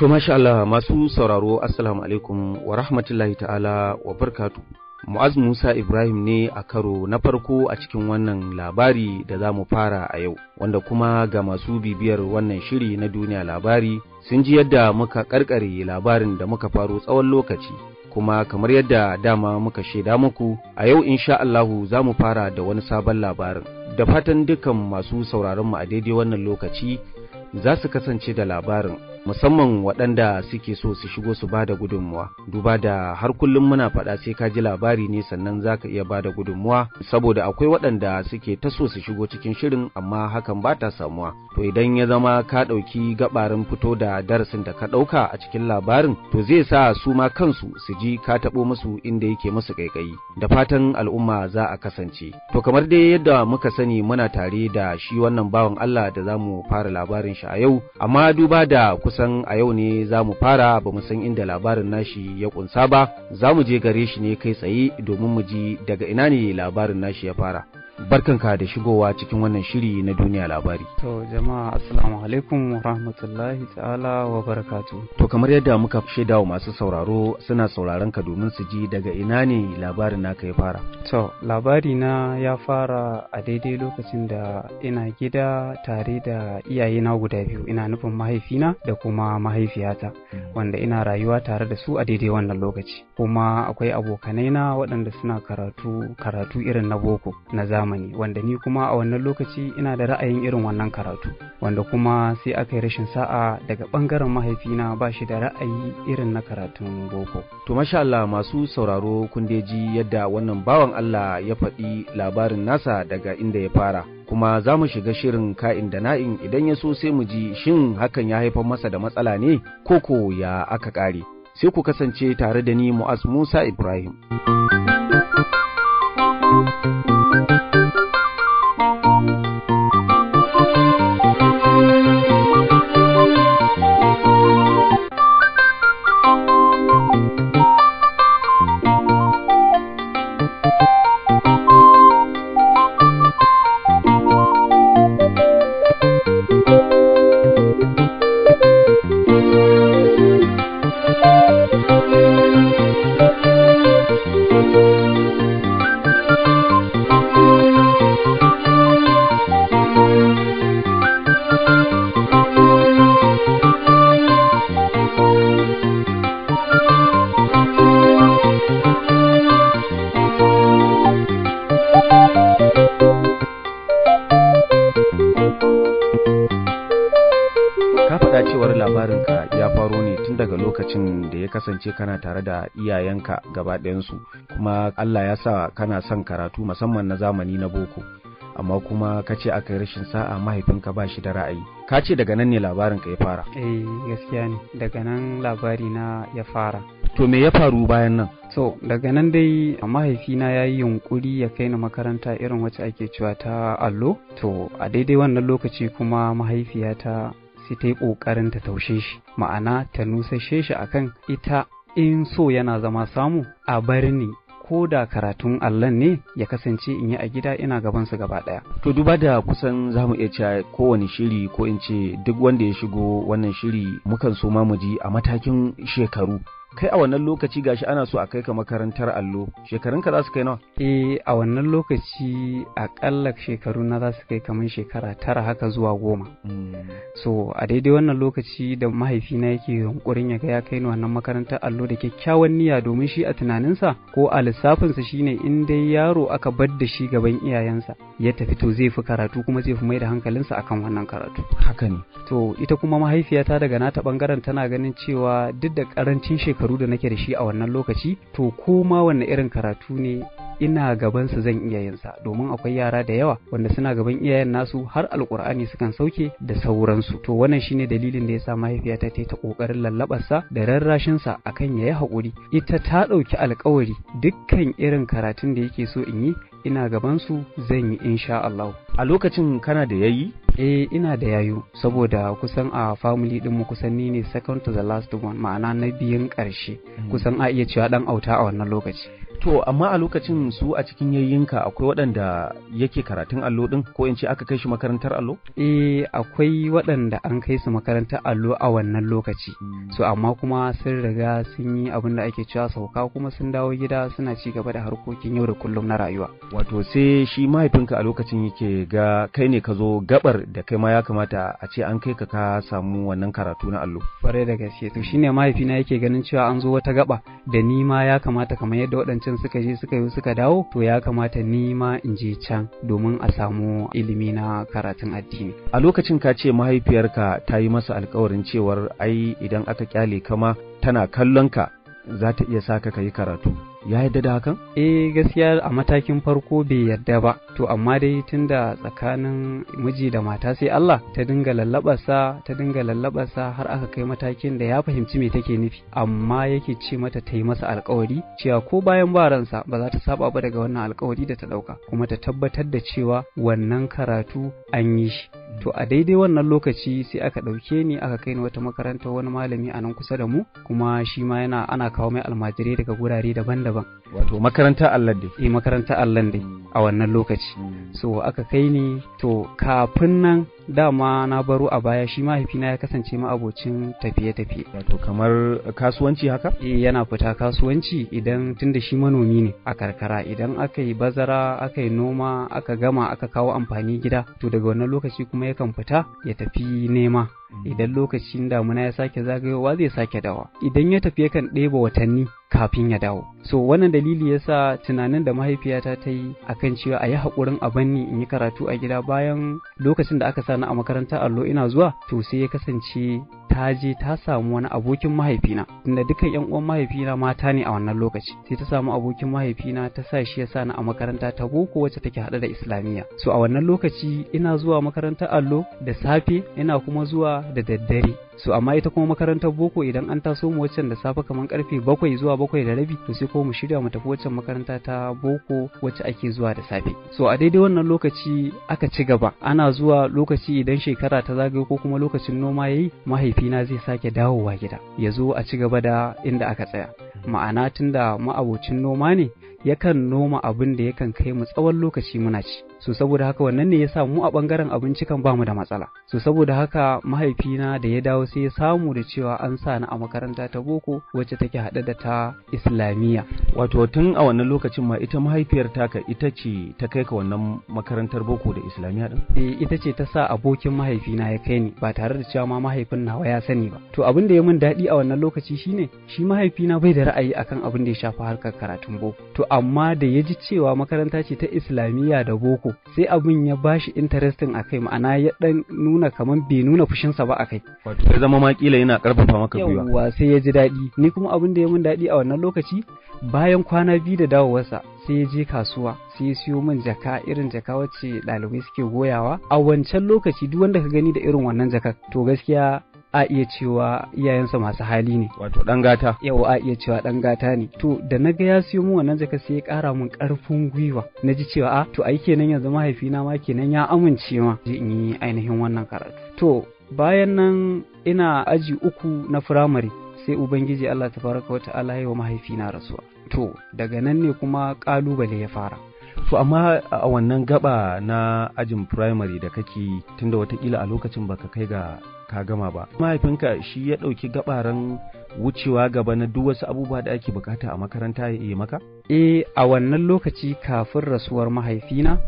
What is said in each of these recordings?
To masha Allah masu sauraro assalamu alaikum wa rahmatullahi ta'ala wa barkatu. Mu'az Musa Ibrahim ne a karo na farko a cikin wannan labari da za mu fara a yau, wanda kuma ga masu bibiyar wannan shiri na duniya labari sun ji yadda muka karkare labarin da muka faro tsawon lokaci. Kuma kamar yadda dama muka shaida muku a yau insha Allahu za mu fara da wani sabon labarin. Da fatan dukan masu sauraron mu a daidai wannan lokaci za su kasance da labarin musamman waɗanda suke so su shigo su bada gudunmuwa duba da har kullum muna faɗa sai ka ji labari ne sannan za ka iya bada gudunmuwa saboda akwai waɗanda suke ta so su shigo cikin shirin amma hakan ba ta samuwa to idan ya zama ka ɗauki gabarin fito da darasin da ka ɗauka a cikin labarin to zai sa su ma kansu su ji ka taɓo musu inda yake musu ƙaiƙayi da fatan al'umma za a kasance to kamar dai yadda muka sani muna tare da shi wannan bawan Allah da za mu fara labarin shi a yau amma duba da kusan a yau ne za mu fara ba mu san inda labarin nashi ya kunsa ba za mu je gare shi ne kai tsaye domin mu ji daga ina ne labarin nashi ya fara barkanka da shigowa cikin wannan shiri na duniya labari. To jama'a assalamu alaikum wa rahmatullahi ta'ala wa barakatu. To kamar yadda muka shaida wa masu sauraro suna sauraron ka domin su ji daga ina ne labarin naka ya fara. To labari na ya fara a daidai lokacin da ina gida tare da iyayena guda biyu ina nufin mahaifina da kuma mahaifiyata hmm. wanda ina rayuwa tare da su a daidai wannan lokaci kuma akwai abokanai na waɗanda suna karatu karatu irin na boko na zamani. zamani wanda ni kuma a wannan lokaci ina da ra'ayin irin wannan karatu wanda kuma sai aka yi rashin sa'a daga bangaren mahaifina ba shi da ra'ayi irin na karatun boko to masha Allah masu sauraro kun ji yadda wannan bawan Allah ya faɗi labarin nasa daga inda ya fara kuma za mu shiga shirin ka'in da na'in idan ya so sai mu ji shin hakan ya haifar masa da matsala ne ko ya aka ƙare sai ku kasance tare da ni mu'az musa ibrahim kasance kana tare da iyayenka gaba ɗayansu kuma Allah ya sa kana son karatu musamman na zamani na boko amma kuma ka ce aka yi rashin sa'a mahaifinka ba shi da ra'ayi ka ce daga nan ne labarin ka ya fara eh gaskiya ne daga nan labari na ya fara to me ya faru bayan nan So, daga nan dai mahaifina ya yi yunkuri ya kai ni makaranta irin wacce ake cewa ta allo to a daidai wannan lokaci kuma mahaifiyata sai ta yi ƙoƙarin ta taushe shi ma'ana ta nusashe shi akan ita in so yana zama samu a bar ni ko da karatun Allah ne ya kasance in yi a gida ina gaban su gaba daya. To duba da kusan za mu iya cewa kowane shiri ko in ce duk wanda ya shigo wannan shiri mukan so ma mu ji a matakin shekaru kai a wannan lokaci gashi ana so a kai ka makarantar allo Shekarun ka za su kai nawa eh a wannan lokaci akalla shekaru na za su kai kamar shekara tara haka zuwa goma mm. so a daidai wannan lokaci da mahaifina yake yunkurin ya ga ya kai ni wannan makarantar allo da kyakkyawan niyya domin shi a tunaninsa ko a lissafinsa shine in dai yaro aka bar da shi gaban iyayensa ya tafi to zai fi karatu kuma zai fi mai da hankalinsa akan wannan karatu haka ne to ita kuma mahaifiyata daga nata bangaren tana ganin cewa duk da karancin shekaru shekaru da nake da shi a wannan lokaci to ko ma wanne irin karatu ne ina gaban su zan iya yinsa, domin akwai yara da yawa wanda suna gaban iyayen nasu har alkur'ani sukan sauke da sauransu to wannan shine dalilin da yasa mahaifiyata ta ta kokarin lallabar da rarrashin sa akan yayi hakuri ita ta dauki alkawari dukkan irin karatun da yake so in yi ina gaban su zan yi insha Allah a lokacin kana da yayi eh ina da yayo saboda kusan a family din mu kusan ni ne second to the last one ma'ana na biyun karshe hmm. kusan a iya cewa dan auta a wannan lokaci To amma a lokacin su a cikin yayyinka akwai waɗanda yake karatun allo ɗin ko in ce aka kai shi makarantar allo? Eh akwai waɗanda an kai su makarantar allo a wannan lokaci. Hmm. So amma kuma sun riga sun yi abin da ake cewa sauka kuma sun dawo gida suna ci gaba da harkokin yau da kullum na rayuwa. Wato sai shi mahaifinka a lokacin yake ga kai ne ka zo gabar da kai ma ya kamata a ce an kai ka ka samu wannan karatu na allo. Kwarai da gaske to shine mahaifina yake ganin cewa an zo wata gaba da ni ma ya kamata kamar yadda waɗancan can suka je suka yi suka dawo to ya kamata ni ma in je can domin a samu ilimi na karatun addini a lokacin ka ce mahaifiyarka ta yi masa alkawarin cewar ai idan aka kyale kama tana kallon ka za ta iya saka ka yi karatu ya yarda da hakan? Eh gaskiya a matakin farko bai yarda ba, to amma dai tunda tsakanin miji da mata sai Allah ta dinga lallabarsa ta dinga lallabarsa har aka kai matakin da ya fahimci me take nufi, amma yake ce mata ta yi masa alkawari cewa ko bayan ba ransa ba za ta saba ba daga wannan alkawari da ta ɗauka, kuma ta tabbatar da cewa wannan karatu an yi shi. to a daidai wannan lokaci sai aka ɗauke ni aka kai ni wata makaranta wani malami a nan kusa da mu kuma shi ma yana ana kawo mai almajirai daga gurare daban-daban wato makaranta Allah eh makaranta Allah a wannan lokaci hmm. so aka kai ni to kafin nan dama na baro a baya shi mahaifina ya kasance ma'abocin tafiye-tafiye. Wato kamar kasuwanci haka? Eh yana fita kasuwanci idan tunda shi manomi ne a karkara idan aka yi bazara aka yi noma aka gama aka kawo amfani gida to daga wannan lokaci kuma yakan fita ya tafi nema Mm. idan lokacin damuna ya sake zagayowa zai sake dawa idan ya tafi yakan ɗeba watanni kafin ya dawo so wannan dalili sa tunanin da mahaifiyata ta yi a kan cewa a yi haƙurin a banni in yi karatu a gida bayan lokacin da aka sa ni a makaranta allo ina zuwa to sai ya kasance ta je ta samu wani abokin mahaifina tunda dukkan yan uwan mahaifina mata ne a wannan lokaci sai ta samu abokin mahaifina ta sa shi ya sa ni a makaranta ta boko wacce take hada da islamiyya so a wannan lokaci ina zuwa makarantar allo da safe ina kuma zuwa da daddare so amma ita kuma makarantar boko idan an taso mu waccan da safe kamar karfe bakwai zuwa bakwai da rabi to sai ko mu shirya mu tafi waccan makaranta ta boko wacce ake zuwa da safe so a daidai wannan lokaci aka ci gaba ana zuwa lokaci idan shekara ta zagayo ko kuma lokacin noma yayi mahaifina zai sake dawowa gida ya zo a ci gaba da inda aka tsaya ma'ana tunda ma'abocin noma ne yakan noma abin da yakan kai mu tsawon lokaci muna ci so saboda haka wannan ne yasa mu a bangaren abinci kan bamu da matsala so saboda haka mahaifina da ya dawo sai ya samu da cewa an sa ni a makaranta ta boko wacce take haɗe da ta islamiyya wato tun a wannan lokacin ma ita mahaifiyar taka ita ce ta kai ka wannan makarantar boko da islamiyya din eh ita ce ta sa abokin mahaifina ya kai ni ba tare da cewa ma mahaifin nawa ya sani ba to abin da ya min daɗi a wannan lokaci shine shi mahaifina bai da ra'ayi akan abin da ya shafa harkar karatun boko to amma da ya ji cewa makaranta ce ta islamiyya da boko sai abin ya bashi interesting a kai ma'ana ya dan nuna kaman bai nuna fushin sa ba a kai wato sai zama ma yana karfafa maka gwiwa yawwa sai ya ji daɗi ni kuma abin da ya mun daɗi a wannan lokaci bayan kwana biyu da dawowarsa sai ya je kasuwa sai ya siyo min jaka irin jaka wacce ɗalibai suke goyawa a wancan lokaci duk wanda ka gani da irin wannan jakar to gaskiya a iya cewa iyayensa masu hali ne wato dan gata yau a iya cewa dan gata ne to da na ga ya siyo mu wannan jaka sai ya kara mun karfin gwiwa na ji cewa a ah, to ai kenan yanzu mahaifina ma kenan ya amince ma je in yi ainihin wannan karatu to bayan nan ina aji uku na firamare sai ubangiji Allah ta wata wata'ala ya wa mahaifina rasuwa to daga nan ne kuma kalubale ya fara To amma a wannan gaba na ajin firamare da kake tunda watakila a lokacin baka kai ga ka gama ba mahaifinka shi ya ɗauki gabaran wucewa gaba na duk wasu abubuwa da ake bukata a makaranta ya yi maka E, a wannan lokaci kafin rasuwar mahaifina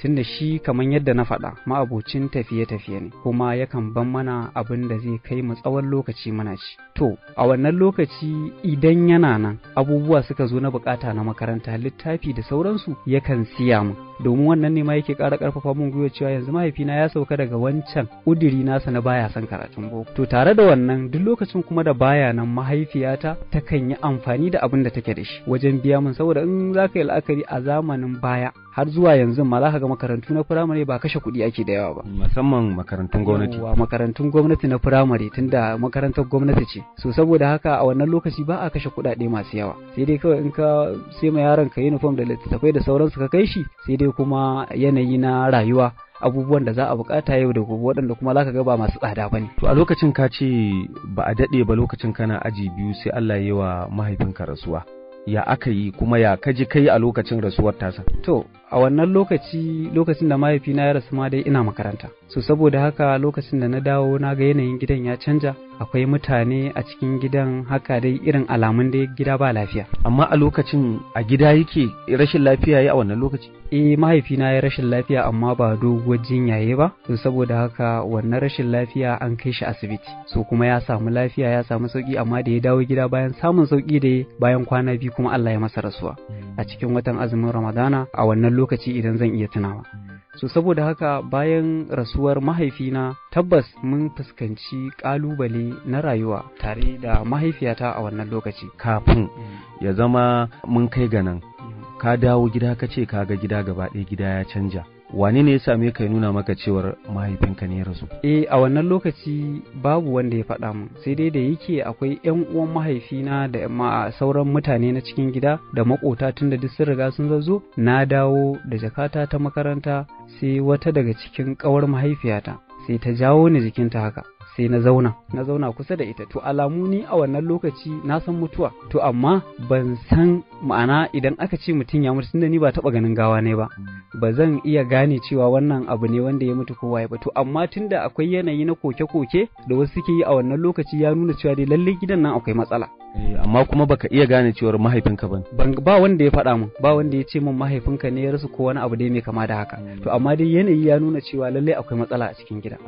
tunda shi kamar yadda na faɗa ma'abocin tafiye-tafiye ne kuma yakan ban mana abin da zai kai mu tsawon lokaci muna ci to a wannan lokaci idan yana nan abubuwa suka zo na bukata na makaranta littafi da sauransu yakan siya mu domin wannan ne ma yake ƙara ƙarfafa mun gwiwa cewa yanzu mahaifina ya sauka daga wancan udiri nasa na baya son karatun boko to tare da wannan duk lokacin kuma da baya nan mahaifiyata ta kan yi amfani da abin da take da shi wajen biya mun saboda in za ka yi la'akari a zamanin baya har zuwa yanzu ma za ka ga makarantu na firamare ba kashe kuɗi ake da yawa ba. Musamman makarantun gwamnati. Wa makarantun gwamnati na firamare tunda makarantar gwamnati ce. So saboda haka a wannan lokaci ba a kashe kuɗaɗe masu yawa. Sai dai kawai in ka sai ma yaron ka uniform da littattafai da sauransu ka kai shi sai dai dai kuma yanayi na rayuwa abubuwan da za a bukata yau da gobe waɗanda kuma zaka ga ba masu tsada bane to a lokacin ka ce ba a daɗe ba lokacin kana aji biyu sai Allah ya wa mahaifinka rasuwa ya aka yi kuma ya kaji kai a lokacin rasuwar tasa to a wannan lokaci lokacin da mahaifina ya rasu ma dai ina makaranta so saboda haka lokacin da na dawo na ga yanayin gidan ya canja akwai mutane a cikin gidan haka dai irin alamun da gida ba lafiya amma a lokacin a gida yake rashin lafiya ya a wannan lokaci eh mahaifina ya rashin lafiya amma ba doguwar ya ba so saboda haka wannan rashin lafiya an kai shi asibiti so kuma ya samu lafiya ya samu sauki amma da ya dawo gida bayan samun sauki da bayan kwana biyu kuma Allah ya masa rasuwa hmm. a cikin watan azumin ramadana a wannan lokaci idan zan iya tunawa so saboda haka bayan rasuwar mahaifina tabbas mun fuskanci kalubale na rayuwa tare da mahaifiyata a wannan lokaci kafin mm. ya zama mun kai ga nan mm. ka dawo gida ka ce ka ga gida gaba ɗaya gida ya canja wane ne ya same ka nuna maka cewar mahaifinka ne ya rasu eh a wannan lokaci babu wanda ya faɗa min sai dai da yake akwai yan uwan mahaifina da sauran mutane na cikin gida da makota tun da duk sun riga sun zazzo na dawo da jakata ta makaranta sai wata daga cikin ƙawar mahaifiyata sai ta jawo ni jikinta haka sai na zauna na zauna kusa da ita to alamu ni a wannan lokaci na san mutuwa to amma ban san ma'ana idan aka ce mutum ya mutu tunda ni ba taba ganin gawa ne ba ba zan iya gane cewa wannan abu ne wanda ya mutu kowa ya ba to amma tunda akwai yanayi na koke-koke da wasu suke yi a wannan lokaci ya nuna cewa dai lalle gidan nan akwai matsala Eh, amma kuma baka iya gane cewar mahaifinka ba ba wanda ya faɗa min ba wanda ya ce min mahaifinka ne ya rasu ko wani abu dai mai kama da haka hmm. to amma dai yanayi ya nuna cewa lallai akwai matsala a cikin gida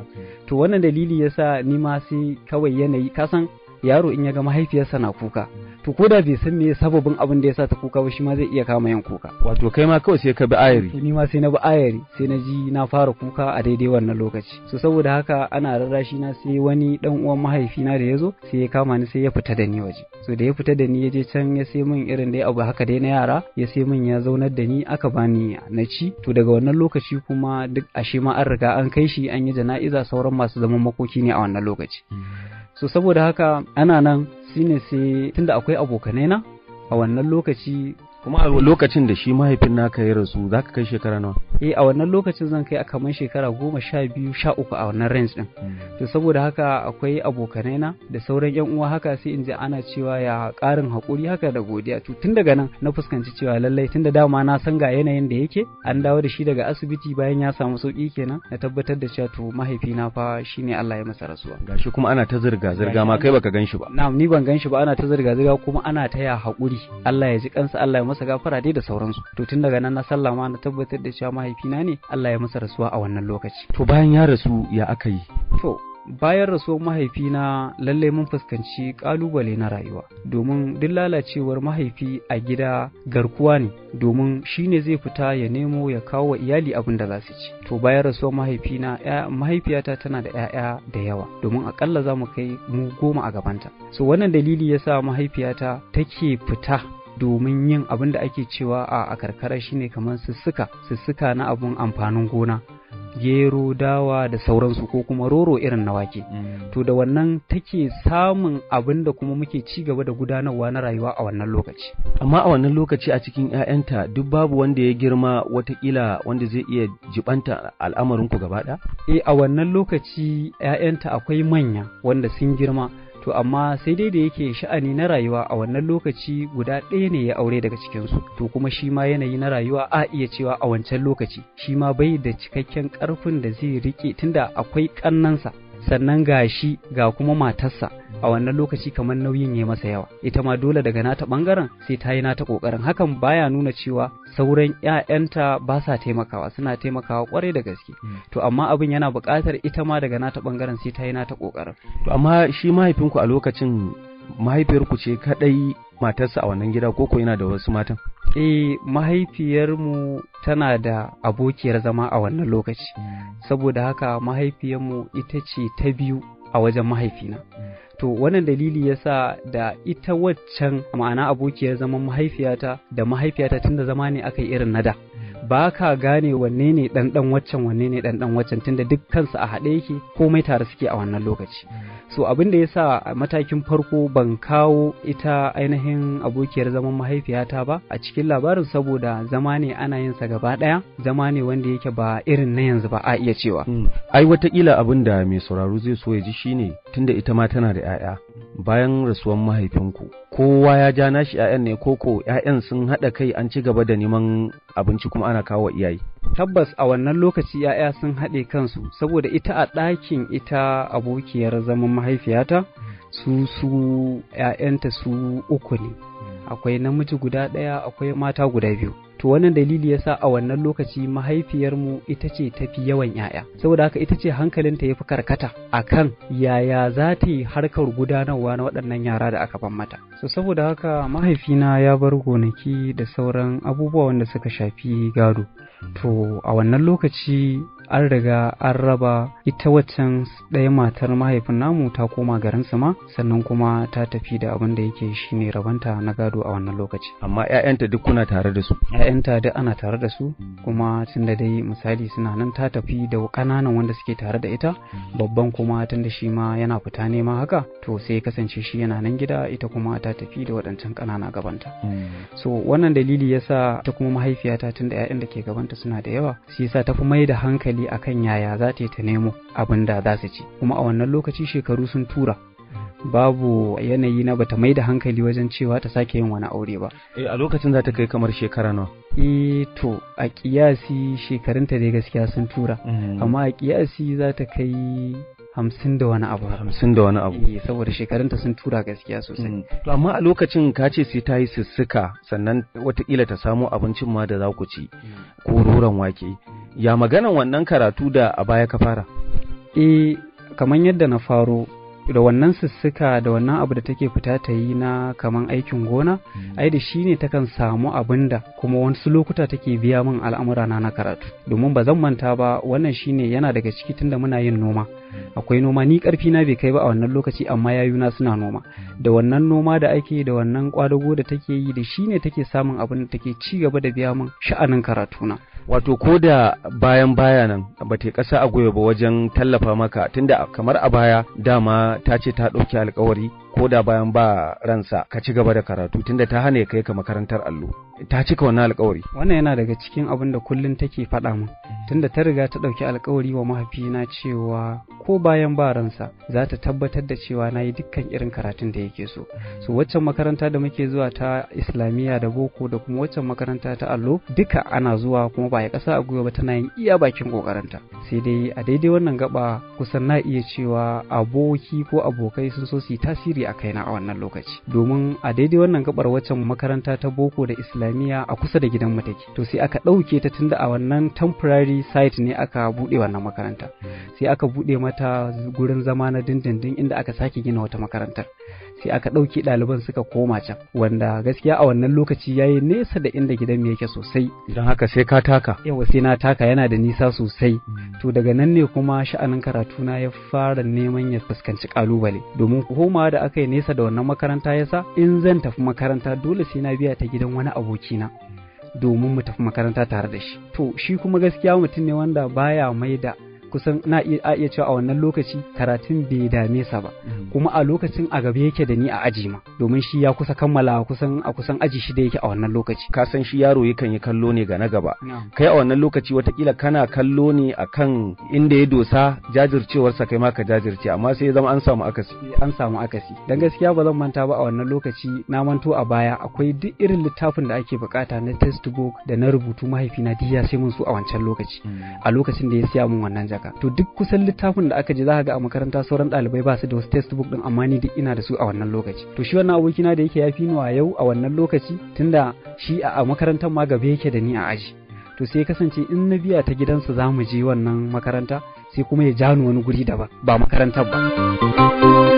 to wannan dalili yasa ni ma sai kawai yanayi ka san. yaro in ya ga mahaifiyarsa na kuka to ko da bai san me sababin abin da ya sa ta kuka ba shi ma zai iya kama yin kuka wato kai ma kawai sai ka bi ayari ni ma sai na bi ayari sai na ji na fara kuka a daidai wannan lokaci so saboda haka ana rarrashi na sai wani dan uwan mahaifina da ya zo sai ya kama ni sai ya fita da ni waje so da ya fita da ni ya je can ya sai min irin dai abu haka dai na yara ya sai min ya zaunar da ni aka bani na ci to daga wannan lokaci kuma duk ashe ma an riga an kai shi an yi jana'iza sauran masu zaman makoki ne a wannan lokaci mm. so saboda haka ana nan shine sai tunda akwai abokanai na a wannan lokaci kuma a lokacin da shi mahaifin naka ya rasu za ka kai shekara nawa eh a wannan lokacin zan kai a kamar shekara goma sha biyu sha uku a wannan range din hmm. to saboda haka akwai abokanai na da sauran yan uwa haka sai in ji ana cewa ya karin hakuri haka da godiya to tun daga nan na fuskanci cewa lallai tun da dama na san ga yanayin da yake an dawo da shi daga asibiti bayan ya samu sauki kenan na tabbatar da cewa to mahaifina fa shine Allah ya masa rasuwa gashi kuma ana ta zirga zirga ma kai baka ganshi ba na'am ni ban ganshi ba ana ta zirga zirga kuma ana ta ya hakuri Allah ya ji kansa Allah ya masa gafara dai da sauransu to tun daga nan na sallama na tabbatar da cewa mahaifina ne Allah ya masa rasuwa a wannan lokaci to bayan ya rasu ya aka yi to bayan rasuwar mahaifina lallai mun fuskanci kalubale na rayuwa domin duk lalacewar mahaifi a gida garkuwa ne domin shi ne zai fita ya nemo ya kawo wa iyali abin da za su ci to bayan rasuwar mahaifina mahaifiyata tana da 'ya'ya da yawa domin akalla za mu kai mu goma a gabanta so wannan dalili ya sa mahaifiyata take fita domin yin abin da ake cewa a karkara shine kamar sussuka sussuka na abin amfanin gona gero dawa da sauransu ko kuma roro irin na wake mm. to da wannan take samun abin da kuma muke ci gaba da gudanarwa na rayuwa a wannan lokaci amma a wannan lokaci a cikin 'ya'yanta duk babu wanda ya girma watakila wanda zai iya jibanta al'amarinku gaba ɗaya eh a wannan lokaci 'ya'yanta akwai manya wanda sun girma to amma sai dai da yake sha'ani na rayuwa a wannan lokaci guda ɗaya ne ya aure daga cikinsu to kuma shi ma yanayi na rayuwa a iya cewa a wancan lokaci shi ma bai da cikakken ƙarfin da zai riƙe tunda akwai ƙannansa sannan ga shi ga kuma matarsa a wannan lokaci kamar nauyin ya masa yawa ita ma dole daga nata bangaren sai ta yi nata kokarin hakan baya nuna cewa sauran ƴaƴanta ba sa taimakawa suna taimakawa kwarai da gaske hmm. to amma abin yana buƙatar ita ma daga nata bangaren sai ta yi nata kokarin to amma shi mahaifinku a lokacin mahaifiyarku ce kaɗai matarsa a wannan gida koko yana da wasu matan? Eh, mahaifiyarmu tana da abokiyar zama a wannan lokaci, hmm. saboda haka mahaifiyarmu ita ce ta biyu a wajen mahaifina. Hmm. To, wannan dalili yasa da ita waccan ma'ana abokiyar zaman mahaifiyata da mahaifiyata tunda zama ne aka yi irin nada. ba ka gane wanne ne ɗanɗan waccan wanne ne ɗanɗan waccan tunda duk kansu a haɗe yake komai tare suke a wannan lokaci mm. so abin da ya sa a matakin farko ban kawo ita ainihin abokiyar zaman mahaifiyata ba a cikin labarin saboda zama ne ana yin sa gaba ɗaya zama ne wanda yake ba irin na yanzu ba a iya cewa mm. ai watakila abin da mai sauraro zai so ya ji shine tunda ita ma tana da 'ya'ya bayan rasuwan mahaifinku kowa ya ja nashi 'ya'yan ne koko 'ya'yan sun haɗa kai an ci gaba da neman abinci kuma ana ana kawo iyaye tabbas a wannan lokaci ‘ya'ya sun haɗe kansu saboda ita a ɗakin ita abokiyar zaman mahaifiyata su su ‘ya'yanta su uku ne hmm. akwai namiji guda ɗaya akwai mata guda biyu to wannan dalili yasa a wannan lokaci mahaifiyarmu ita ce tafi yawan yaya saboda haka ita ce hankalinta ya fi karkata a kan yaya za ta yi harkar gudanarwa na waɗannan yara da aka ban mata so saboda haka mahaifina ya bar gonaki da sauran abubuwa wanda suka shafi gado to a wannan lokaci an riga an raba ita waccan ɗaya matar mahaifin namu ta koma garin ma sannan kuma ta tafi da abin da yake shi ne rabanta na gado a wannan lokaci amma ƴaƴanta duk kuna tare da su ƴaƴanta duk ana tare da su kuma tun da dai misali suna nan ta tafi da ƙananan wanda suke tare da ita babban kuma tun da shi ma yana fita nema haka to sai kasance shi yana nan gida ita kuma ta tafi da waɗancan ƙanana gabanta hmm. so wannan dalili yasa ta kuma mahaifiyata tunda ƴaƴan da ke gabanta suna da yawa shi yasa ta fi mai da hankali hankali akan yaya za ta yi ta nemo abin da za su ci kuma a wannan lokaci shekaru sun tura babu yanayi na bata mai da hankali wajen cewa ta sake yin wani aure ba. eh a lokacin za ta kai kamar shekara nawa? E, to a kiyasi shekarunta dai gaskiya sun tura, mm. amma a kiyasi za ta kai hamsin da wani abu. Hamsin da wani abu. eh saboda shekarunta sun tura gaskiya sosai. Mm. To amma a lokacin ka ce sai ta yi sussuka sannan watakila ta samo abincin ma da za ku ci mm. ko roran wake. ya maganan wannan karatu da a baya ka fara eh kamar yadda na faro da wannan sussuka da wannan abu da take fita ta yi na kaman aikin gona hmm. ai da shi ne takan samu abin da kuma wasu lokuta take biya min al'amura na karatu domin ba zan manta ba wannan shi ne yana daga ciki tunda muna yin noma akwai noma ni karfi na bai kai ba a wannan lokaci amma yayuna suna noma da wannan noma da ake da wannan kwadago da take yi da shi ne take samun abin da take ci gaba da biya min sha'anin karatuna wato ko da bayan baya nan ba ta kasa a gwiwa ba wajen tallafa maka tunda kamar a baya dama ta ce ta ɗauki alkawari ko da bayan ba ransa ka ci gaba da karatu tunda ta hane kai ka makarantar allo ta cika wannan alƙawari. wannan yana daga cikin abin da kullum take faɗa min tunda ta riga ta ɗauki alƙawari wa mahaifina cewa ko bayan ba ransa za ta tabbatar da cewa na yi dukkan irin karatun da yake so so waccan makaranta da muke zuwa ta islamiyya da boko da kuma waccan makaranta ta allo duka ana zuwa kuma ba ya ƙasa a gwiwa ba tana yin iya bakin ƙoƙarinta sai dai a daidai wannan gaba kusan na iya cewa aboki ko abokai sun so su yi tasiri a kaina a wannan lokaci domin a daidai wannan gabar waccan makaranta ta boko da islamiyya a kusa da gidan mu take to sai aka ɗauke ta tunda a wannan temporary site ne aka buɗe wannan makaranta sai aka buɗe mata gurin zama na dindindin inda aka sake gina wata makarantar sai aka ɗauki ɗaliban suka koma can wanda gaskiya a wannan lokaci ya yi nesa da inda gidan mu yake sosai don haka sai ka taka yawa sai na taka yana da nisa sosai hmm. to daga nan ne kuma sha'anin karatu na ya fara neman ya fuskanci kalubale domin koma da aka yi nesa da wannan makaranta yasa in zan tafi makaranta dole sai na biya ta gidan wani abokina hmm. domin mu tafi makaranta tare da shi to shi kuma gaskiya mutum ne wanda baya mai da kusan na iya iya cewa a wannan lokaci karatun bai dame sa ba mm. kuma a lokacin a gaba yake da ni a aji ma domin shi ya kusa kammala kusan a kusan aji shi da yake a wannan lokaci ka san shi yaro yakan yi kallo ne ga na gaba kai a wannan lokaci watakila kana kallo ne akan inda ya dosa jajircewarsa kai ma ka jajirce amma sai ya zama an samu akasi eh, an samu akasi dan gaskiya ba zan manta ba a wannan lokaci na manto a baya akwai duk irin littafin da ake bukata na textbook da na rubutu mahaifina diya sai mun su a wancan lokaci mm. a lokacin da ya siya mun wannan daka to duk kusan littafin da aka je za ga a makaranta sauran ɗalibai ba su da wasu textbook din amma ni duk ina da su a wannan lokaci to shi wannan abokina da yake fi ni yau a wannan lokaci tunda shi a makarantar ma gaba yake da ni a aji to sai kasance in na biya ta gidansa za mu je wannan makaranta sai kuma ya ja ni wani guri daban ba makarantar ba